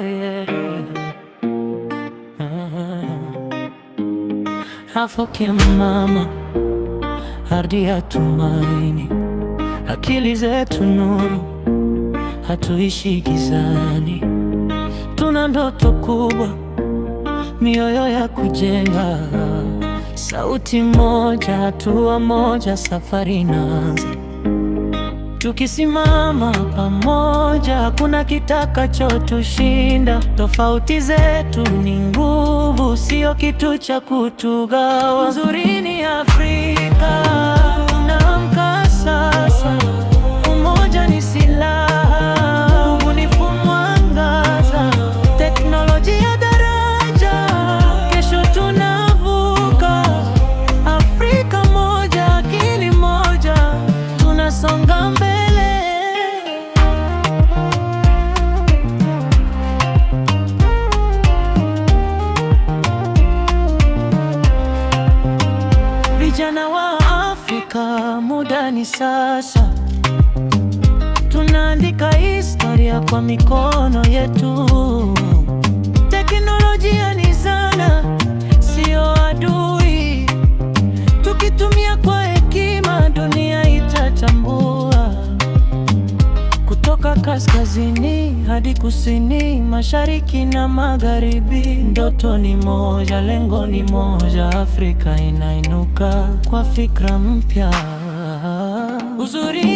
yeah. Afoke mama hadi ya tumaini, akili zetu nuru, hatuishi gizani, tuna ndoto kubwa, mioyo ya kujenga, sauti moja, hatua moja, safari inaanza. Tukisimama pamoja, hakuna kitakachotushinda. Tofauti zetu ni nguvu, sio kitu cha kutugawa. Nzuri ni Afrika. Vijana wa Afrika, muda ni sasa. Tunaandika historia kwa mikono yetu. Teknolojia ni zana, sio adui. Tukitumia kwa hekima, dunia itatambua. Kutoka kaskazini hadi kusini, mashariki na magharibi, ndoto ni moja, lengo ni moja, Afrika inainuka kwa fikra mpya uzuri